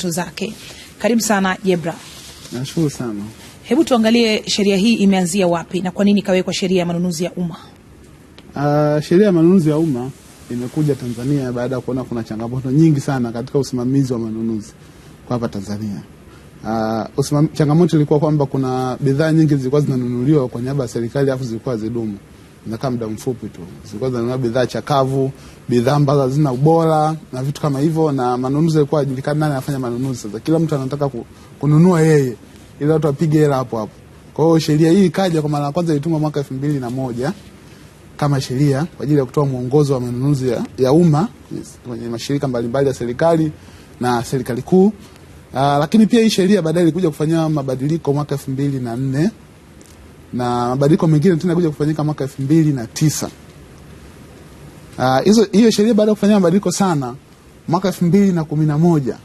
tu zake. Karibu sana Jebra. Nashukuru sana. Hebu tuangalie sheria hii imeanzia wapi na kwa nini ikawekwa sheria ya manunuzi ya umma? Uh, sheria ya manunuzi ya umma imekuja Tanzania baada ya kuona kuna changamoto nyingi sana katika usimamizi wa manunuzi kwa hapa Tanzania. Uh, ah, usimam, changamoto ilikuwa kwamba kuna bidhaa nyingi zilikuwa zinanunuliwa kwa niaba ya serikali afu zilikuwa zidumu nakaa muda mfupi tu. Zilikuwa zinanunua bidhaa chakavu, bidhaa ambazo hazina ubora na vitu kama hivyo, na manunuzi yalikuwa hajulikani nani anafanya manunuzi. Sasa kila mtu anataka ku, kununua yeye ili watu wapige hela hapo hapo. Kwa hiyo sheria hii ikaja kwa mara ya kwanza, ilitungwa mwaka elfu mbili na moja kama sheria kwa ajili ya kutoa mwongozo wa manunuzi ya, ya umma kwenye mashirika mbalimbali ya serikali na serikali kuu. Uh, lakini pia hii sheria baadaye ilikuja kufanyia mabadiliko mwaka elfu mbili na nne na mabadiliko mengine tena kuja kufanyika mwaka elfu mbili na tisa. Ah, hizo uh, hiyo sheria baada ya kufanyia mabadiliko sana mwaka elfu mbili na kumi na moja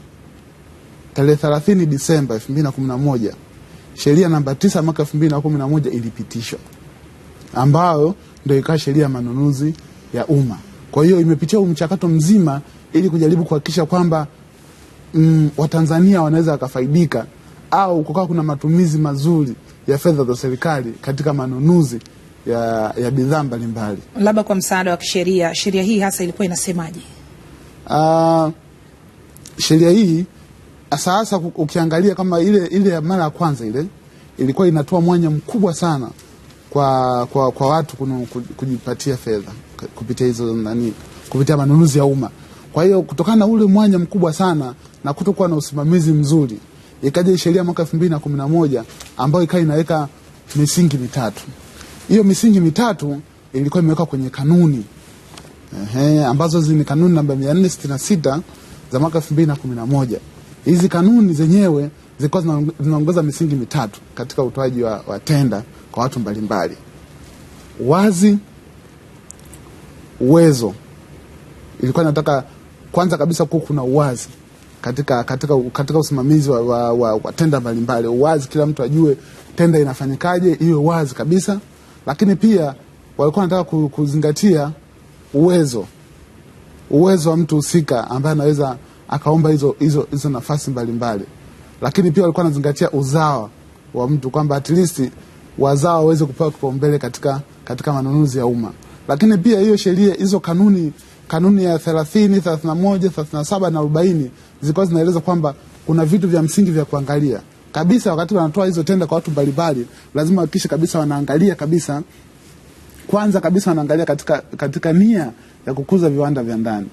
tarehe thelathini Disemba elfu mbili na kumi na moja sheria namba tisa mwaka elfu mbili na kumi na moja ilipitishwa ambayo ndo ikawa sheria ya manunuzi ya umma. Kwa hiyo imepitia mchakato mzima ili kujaribu kuhakikisha kwamba mm, Watanzania wanaweza wakafaidika au kukawa kuna matumizi mazuri ya fedha za serikali katika manunuzi ya, ya bidhaa mbalimbali. Labda kwa msaada wa kisheria, sheria hii hasa ilikuwa inasemaje? Uh, sheria hii hasa hasa ukiangalia kama ile ile ya mara ya kwanza ile ilikuwa inatoa mwanya mkubwa sana kwa, kwa, kwa watu kunu, kujipatia fedha kupitia hizo nani, kupitia manunuzi ya umma. Kwa hiyo kutokana na ule mwanya mkubwa sana na kutokuwa na usimamizi mzuri ikaja sheria mwaka 2011 ambayo ikawa inaweka misingi mitatu. Hiyo misingi mitatu ilikuwa imewekwa kwenye kanuni ehe, ambazo ni kanuni namba 466 za mwaka 2011. Hizi kanuni zenyewe zilikuwa zinaongoza misingi mitatu katika utoaji wa, wa tenda kwa watu mbalimbali: wazi, uwezo. Ilikuwa inataka kwanza kabisa kuwe kuna uwazi katika, katika, katika usimamizi wa, wa, wa, wa tenda mbalimbali, uwazi, kila mtu ajue tenda inafanyikaje, iwe wazi kabisa. Lakini pia walikuwa wanataka kuzingatia uwezo uwezo wa mtu husika ambaye anaweza akaomba hizo, hizo, hizo nafasi mbalimbali mbali. Lakini pia walikuwa wanazingatia uzawa wa mtu kwamba at least wazawa waweze kupewa kipaumbele katika, katika manunuzi ya umma. Lakini pia hiyo sheria, hizo kanuni, kanuni ya 30, 31, 37 na 40 zilikuwa zinaeleza kwamba kuna vitu vya msingi vya kuangalia kabisa wakati wanatoa hizo tenda kwa watu mbalimbali, lazima wahakikishe kabisa wanaangalia kabisa, kwanza kabisa wanaangalia katika, katika nia ya kukuza viwanda vya ndani.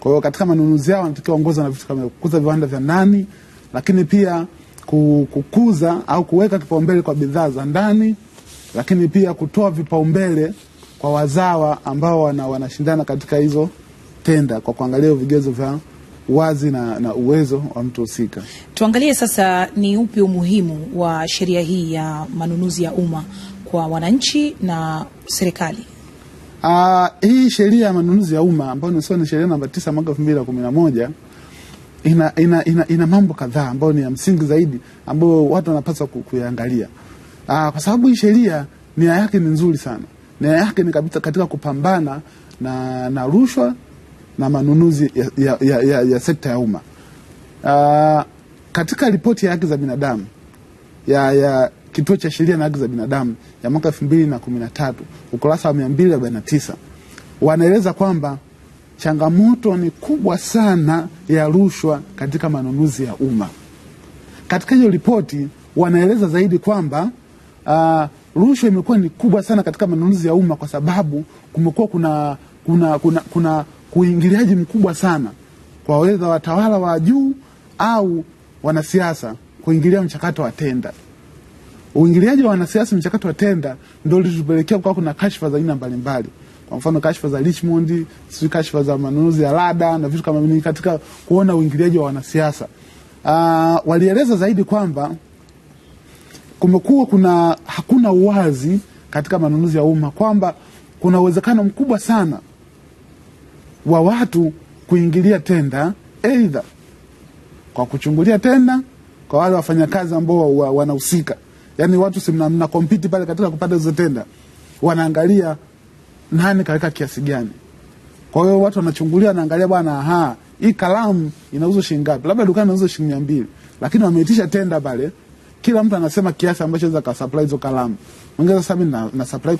Kwa hiyo katika manunuzi yao wanatakiwa ongoza na vitu kama kukuza viwanda vya ndani, lakini pia kukuza au kuweka kipaumbele kwa bidhaa za ndani, lakini pia kutoa vipaumbele kwa wazawa ambao wana, wanashindana katika hizo tenda kwa kuangalia vigezo vya wazi na, na uwezo wa mtu husika. Tuangalie sasa ni upi umuhimu wa sheria hii ya manunuzi ya umma kwa wananchi na serikali. Uh, hii sheria ya manunuzi ya umma ambayo ni sio sheria namba tisa mwaka elfu mbili na kumi na moja ina, ina, ina, ina mambo kadhaa ambayo ni ya msingi zaidi ambayo watu wanapaswa kuyaangalia. Uh, kwa sababu hii sheria nia yake ni nzuri sana nia yake ni kabisa katika kupambana na, na rushwa na manunuzi ya, ya, ya, ya, ya sekta ya umma. Uh, katika ripoti ya haki za binadamu ya, ya Kituo cha Sheria na Haki za Binadamu ya mwaka tatu ukurasa wa 249 wanaeleza kwamba changamoto ni kubwa sana ya rushwa katika manunuzi ya umma. Katika hiyo ripoti wanaeleza zaidi kwamba uh, rushwa imekuwa ni kubwa sana katika manunuzi ya umma kwa sababu kumekuwa kuna, kuna, kuna, kuna kuingiliaji mkubwa sana kwa wedha watawala wa juu au wanasiasa kuingilia mchakato wa tenda. Uingiliaji wa wanasiasa mchakato wa tenda ndio litupelekea kwa kuna kashfa za aina mbalimbali, kwa mfano kashfa za Richmond, sijui kashfa za manunuzi ya Lada na vitu kama vingi, katika kuona uingiliaji wa wanasiasa. Uh, walieleza zaidi kwamba kumekuwa kuna hakuna uwazi katika manunuzi ya umma kwamba kuna uwezekano mkubwa sana wa watu kuingilia tenda, aidha kwa kuchungulia tenda kwa wale wafanyakazi ambao wa, wanahusika, yaani watu si kompiti pale katika kupata hizo tenda, wanaangalia nani kaweka kiasi gani. Kwa hiyo watu wanachungulia, wanaangalia bwana, ha hii kalamu inauzwa shilingi ngapi? Labda dukani inauzwa shilingi mia mbili, lakini wameitisha tenda pale kila mtu anasema kiasi ambacho aweza ka supply hizo kalamu. Mwingine sasa mimi na, na supply